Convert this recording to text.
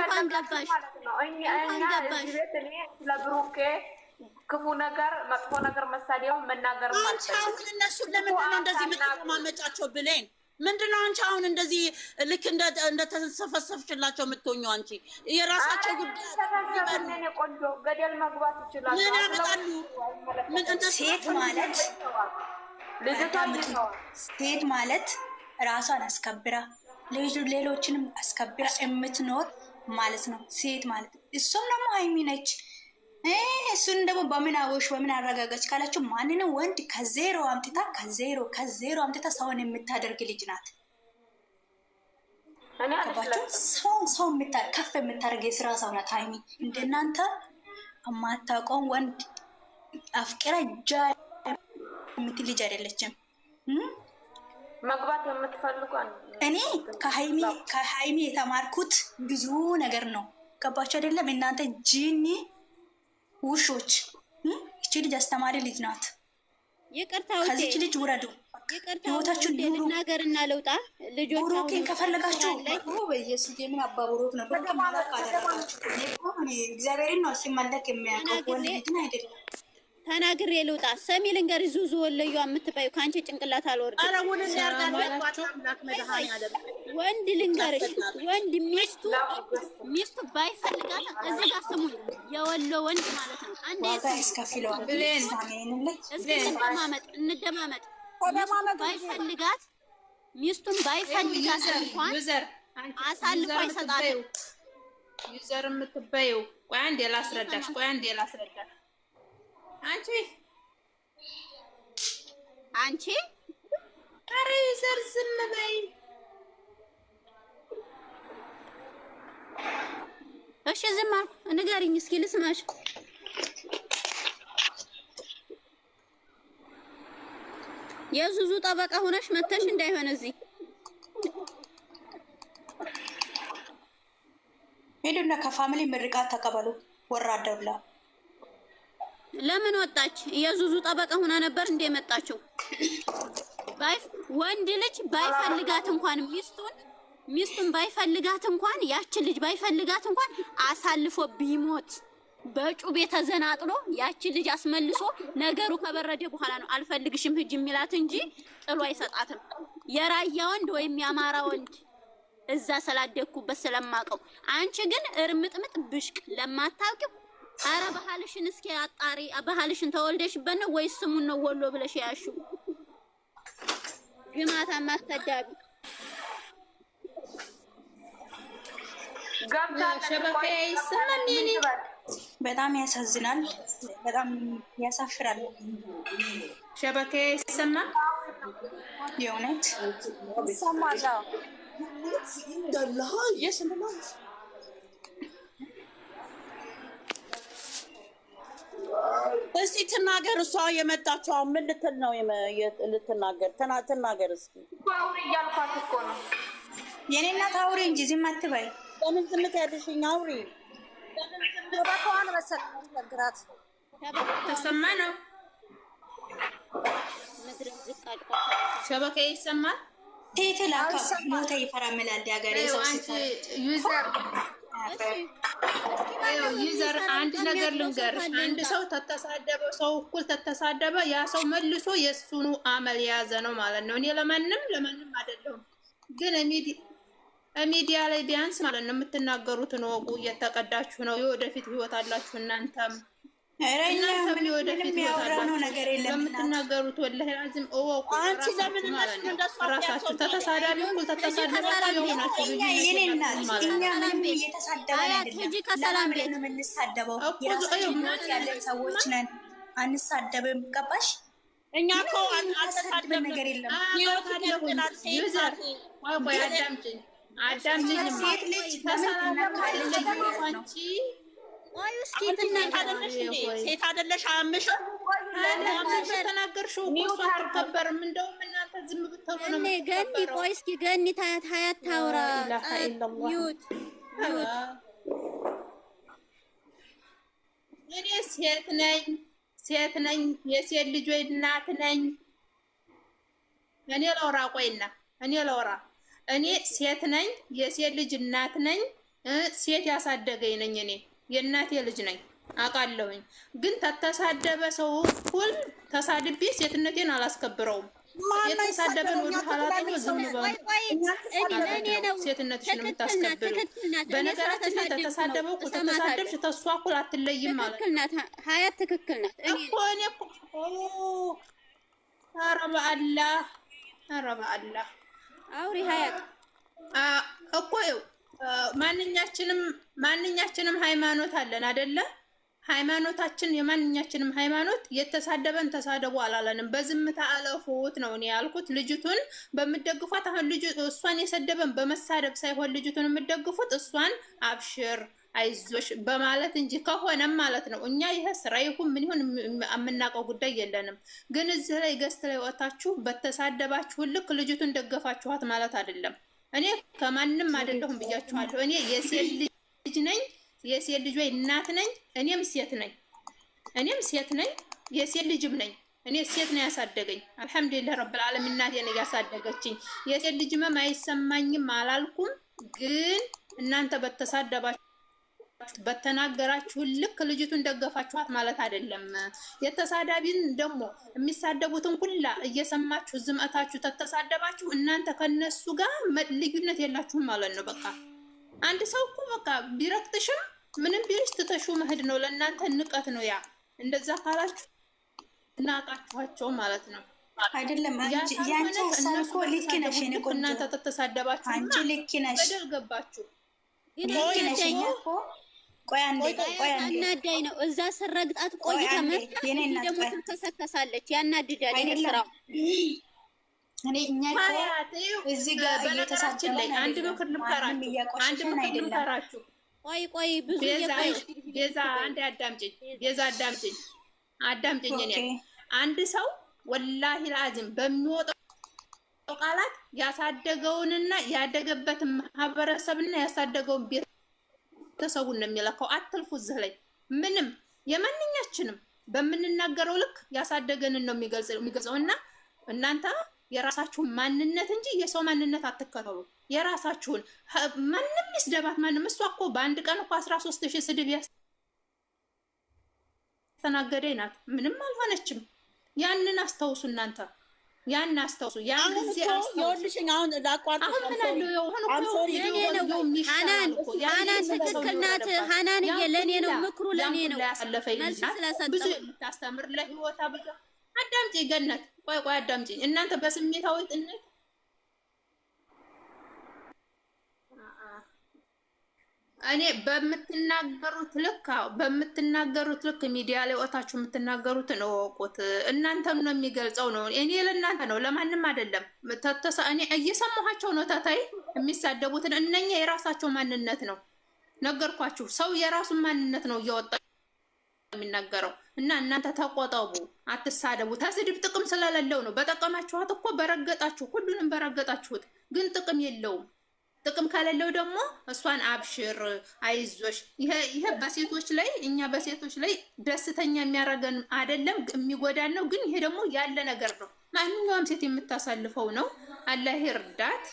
እንኳን ገባሽ እንኳን ገባሽ። ለብሩኬ ክፉ ነገር መጥፎ ነገር መሳሌው መናገር ማለት ነው። አሁን እነሱን ለምንድን ነው እንደዚህ የምትለማመጫቸው ብሌን? ምንድን ነው አንቺ አሁን እንደዚህ ልክ እንደተሰፈሰፍችላቸው የምትሆኙ አንቺ? የራሳቸው ጉዳይ ቆንጆ ገደል መግባት ይችላሉ። ምን ያመጣሉ? ሴት ማለት ሴት ማለት ራሷን አስከብራ ሌሎችንም አስከብራ የምትኖር ማለት ነው። ሴት ማለት ነው እሱም ደግሞ ሀይሚ ነች። እሱን ደግሞ በምን አወሽ በምን አረጋገች ካላችሁ ማንንም ወንድ ከዜሮ አምጥታ ከዜሮ ከዜሮ አምጥታ ሰውን የምታደርግ ልጅ ናት። ሰውን ሰው ከፍ የምታደርግ የስራ ሰው ናት ሀይሚ። እንደናንተ የማታውቀውን ወንድ አፍቅራ ጃ የምትል ልጅ አይደለችም። መግባት የምትፈልጉ እኔ ከሀይሚ የተማርኩት ብዙ ነገር ነው። ገባችሁ አይደለም? እናንተ ጂኒ ውሾች። እቺ ልጅ አስተማሪ ልጅ ናት። ከዚች ልጅ ውረዱ። ህይወታችሁን ልናገርና ለውጣ ብሩኬን ከፈለጋችሁ ነው እግዚአብሔርን ነው ሲመለክ የሚያውቀው ወንድ ልጅን አይደለም። ተናግሬ ልውጣ። ሰሚ ልንገር፣ ዙዙ ወለዩ የምትበዩ ከአንቺ ጭንቅላት አልወርድም። ወንድ ልንገርሽ፣ ወንድ ሚስቱ ሚስቱ ባይፈልጋት እዚህ ጋር ስሙ፣ የወሎ ወንድ ማለት ነው። አንዴ እንደማመጥ እንደማመጥ ባይፈልጋት ሚስቱን ባይፈልጋት እንኳን አሳልፎ ይሰጣሉ። ዩዘር የምትበዩ ቆይ አንዴ ላስረዳሽ፣ ቆይ አንዴ ላስረዳሽ አንቺ አንቺ ኧረ ይዘር ዝም በይ እሺ ዝም አልኩ ንገሪኝ እስኪ ልስማሽ የዙዙ ጠበቃ ሆነሽ መተሽ እንዳይሆን እዚህ ሄዱና ከፋሚሊ ምርቃት ተቀበሉ ወራደብላ ለምን ወጣች? የዙዙ ጠበቃ ሆና ነበር እንደ የመጣችው። ወንድ ልጅ ባይፈልጋት እንኳን ሚስቱን ሚስቱን ባይፈልጋት እንኳን ያችን ልጅ ባይፈልጋት እንኳን አሳልፎ ቢሞት በጩቤ ተዘናጥሎ ያችን ልጅ አስመልሶ ነገሩ ከበረደ በኋላ ነው አልፈልግሽም ሂጂ የሚላት እንጂ ጥሎ አይሰጣትም። የራያ ወንድ ወይም የአማራ ወንድ እዛ ስላደግኩበት ስለማቀው። አንቺ ግን እርምጥምጥ ብሽቅ ለማታውቂው አረ ባህልሽን እስኪ አጣሪ። ባህልሽን ተወልደሽበት ነው ወይስ ስሙን ነው ወሎ ብለሽ ያሹ ግማታ ማስተዳቢ በጣም ያሳዝናል። በጣም ያሳፍራል። ሸበኬ ይሰማል። የእውነት ይሰማል። ትናገር እሷ የመጣችው ምን ልትል ነው? ልትናገር ትናገር እስኪ አውሪ እያልኳት እኮ ነው። የኔ እናት አውሪ እንጂ ዝም አትበይ። ለምን ዝም ትያለሽኝ? አውሪ ተባከዋን መሰል ነግራት ተሰማ ነው ሸበከ ይሰማል። ቴቴ ሞተ ይፈራምላል። ያገሬ ሰው ዩዘር ይዘር አንድ ነገር ልንገርሽ፣ አንድ ሰው ተተሳደበ ሰው እኩል ተተሳደበ፣ ያ ሰው መልሶ የእሱኑ አመል የያዘ ነው ማለት ነው። እኔ ለማንም ለማንም አይደለሁም፣ ግን ሚዲያ ላይ ቢያንስ ማለት ነው የምትናገሩትን ወጉ እየተቀዳችሁ ነው። የወደፊት ህይወት አላችሁ እናንተም የሚያወራነው የለም። የምትናገሩት ወላሂ አዚም እወቁ። አንቺ ለምን አንሳደብም። ገባሽ? እኛ እኮ አንሳደብም። ነገር የለም። አዳምጪኝ፣ አዳምጪኝ ሴት ልጅ ቆዩ እስኪ ሴት አይደለሽ እንዴ? ተናገርሽው እኮ አትከበርም። እንደውም እናንተ ዝም ብትሉ ነው እኔ ገኒ ቆይ እስኪ ገኒ ታያት ሀያት ታውራ ሚዩት እኔ ሴት ነኝ ሴት ነኝ የሴት ልጅ ወይ እናት ነኝ። እኔ ለወራ ቆይና እኔ ለወራ እኔ ሴት ነኝ የሴት ልጅ እናት ነኝ ሴት ያሳደገኝ ነኝ እኔ የእናቴ ልጅ ነኝ አውቃለሁኝ። ግን ተተሳደበ ሰው እኩል ተሳድቤ ሴትነቴን አላስከብረውም። የተሳደበን ወደ ኋላ ጥሎ ዝም በሉ። ሴትነትሽን የምታስከብሪው በነገራችን ላይ ተተሳደበው እኮ ተተሳደብሽ ተሷ እኩል አትለይም ማለት ነው። ሀያት ትክክል ናት እኮ እኔ እኮ ኧረ በአላህ ኧረ በአላህ አውሪ ሀያት እኮ ይኸው ማንኛችንም ማንኛችንም ሃይማኖት አለን አደለ? ሃይማኖታችን የማንኛችንም ሃይማኖት የተሳደበን ተሳደቡ አላለንም። በዝምታ አለፉት ነው እኔ ያልኩት። ልጅቱን በምደግፏት አሁን ልጅ እሷን የሰደበን በመሳደብ ሳይሆን ልጅቱን የምደግፉት እሷን አብሽር አይዞሽ በማለት እንጂ ከሆነም ማለት ነው እኛ ይሄ ስራ ይሁን ምን ይሁን የምናውቀው ጉዳይ የለንም። ግን እዚህ ላይ ገስት ላይ ወታችሁ በተሳደባችሁ ልክ ልጅቱን ደገፋችኋት ማለት አይደለም። እኔ ከማንም አይደለሁም ብያችኋለሁ። እኔ የሴት ልጅ ነኝ፣ የሴት ልጅ ወይ እናት ነኝ። እኔም ሴት ነኝ፣ እኔም ሴት ነኝ፣ የሴት ልጅም ነኝ። እኔ ሴት ነው ያሳደገኝ። አልሐምዱሊላህ ረብል ዓለሚን እናቴ ነው ያሳደገችኝ። የሴት ልጅ መም አይሰማኝም አላልኩም፣ ግን እናንተ በተሳደባችሁ በተናገራችሁ ልክ ልጅቱን ደገፋችኋት ማለት አይደለም። የተሳዳቢን ደግሞ የሚሳደቡትን ሁላ እየሰማችሁ ዝምታችሁ ተተሳደባችሁ እናንተ ከነሱ ጋር ልዩነት የላችሁም ማለት ነው። በቃ አንድ ሰው እኮ በቃ ቢረግጥሽም ምንም ቢልሽ ትተሹ መሄድ ነው። ለእናንተ ንቀት ነው። ያ እንደዛ ካላችሁ እናቃችኋቸው ማለት ነው። አይደለም እናንተ ተተሳደባችሁ፣ ልክ ነሽ፣ ገባችሁ አናዳኝ ነው። እዛ ስረግጣት ቆይታ ደግሞ ያናድዳል ስራው። እኔ እኛ እዚህ ጋር እየተሳችን አንድ ምክር ልምከራችሁ፣ አንድ ምክር ልምከራችሁ። ቆይ ቆይ ብዙ ቤዛ አንዴ አዳምጭኝ፣ ቤዛ አዳምጭኝ፣ አዳምጭኝ። እኔ አንድ ሰው ወላሂ ለአዚም በሚወጣው ቃላት ያሳደገውንና ያደገበትን ማህበረሰብና ያሳደገውን ቤት ተሰውን ነው የሚለካው። አትልፉ እዚህ ላይ ምንም የማንኛችንም በምንናገረው ልክ ያሳደገንን ነው የሚገልጸው እና እናንተ የራሳችሁን ማንነት እንጂ የሰው ማንነት አትከተሉ። የራሳችሁን ማንም ይስደባት ማንም። እሷ እኮ በአንድ ቀን እኮ አስራ ሶስት ሺህ ስድብ ያስተናገደኝ ናት። ምንም አልሆነችም። ያንን አስታውሱ እናንተ። ያን አስታውሱ። ያን ጊዜ ይኸውልሽኝ፣ አሁን ላቋርጥ ሀናን ትክክል ናት። ሀናንዬ ለእኔ ነው ምክሩ፣ ለእኔ ነው ብዙ የምታስተምር ለህይወታ ብዙ አዳምጪ። ገነት ቆይ ቆይ፣ አዳምጪኝ እናንተ በስሜታዊነት እኔ በምትናገሩት ልክ አዎ፣ በምትናገሩት ልክ ሚዲያ ላይ ወታችሁ የምትናገሩትን እወቁት። እናንተም ነው የሚገልጸው ነው። እኔ ለእናንተ ነው ለማንም አይደለም። እኔ እየሰማኋቸው ነው። ተታይ የሚሳደቡትን እነኛ የራሳቸው ማንነት ነው። ነገርኳችሁ። ሰው የራሱን ማንነት ነው እያወጣ የሚናገረው እና እናንተ ተቆጠቡ፣ አትሳደቡ። ተስድብ ጥቅም ስለሌለው ነው። በጠቀማችኋት እኮ በረገጣችሁ፣ ሁሉንም በረገጣችሁት፣ ግን ጥቅም የለውም። ጥቅም ከሌለው ደግሞ እሷን አብሽር፣ አይዞሽ። ይሄ በሴቶች ላይ እኛ በሴቶች ላይ ደስተኛ የሚያደርገን አይደለም፣ የሚጎዳን ነው። ግን ይሄ ደግሞ ያለ ነገር ነው። ማንኛውም ሴት የምታሳልፈው ነው። አላህ ይርዳት።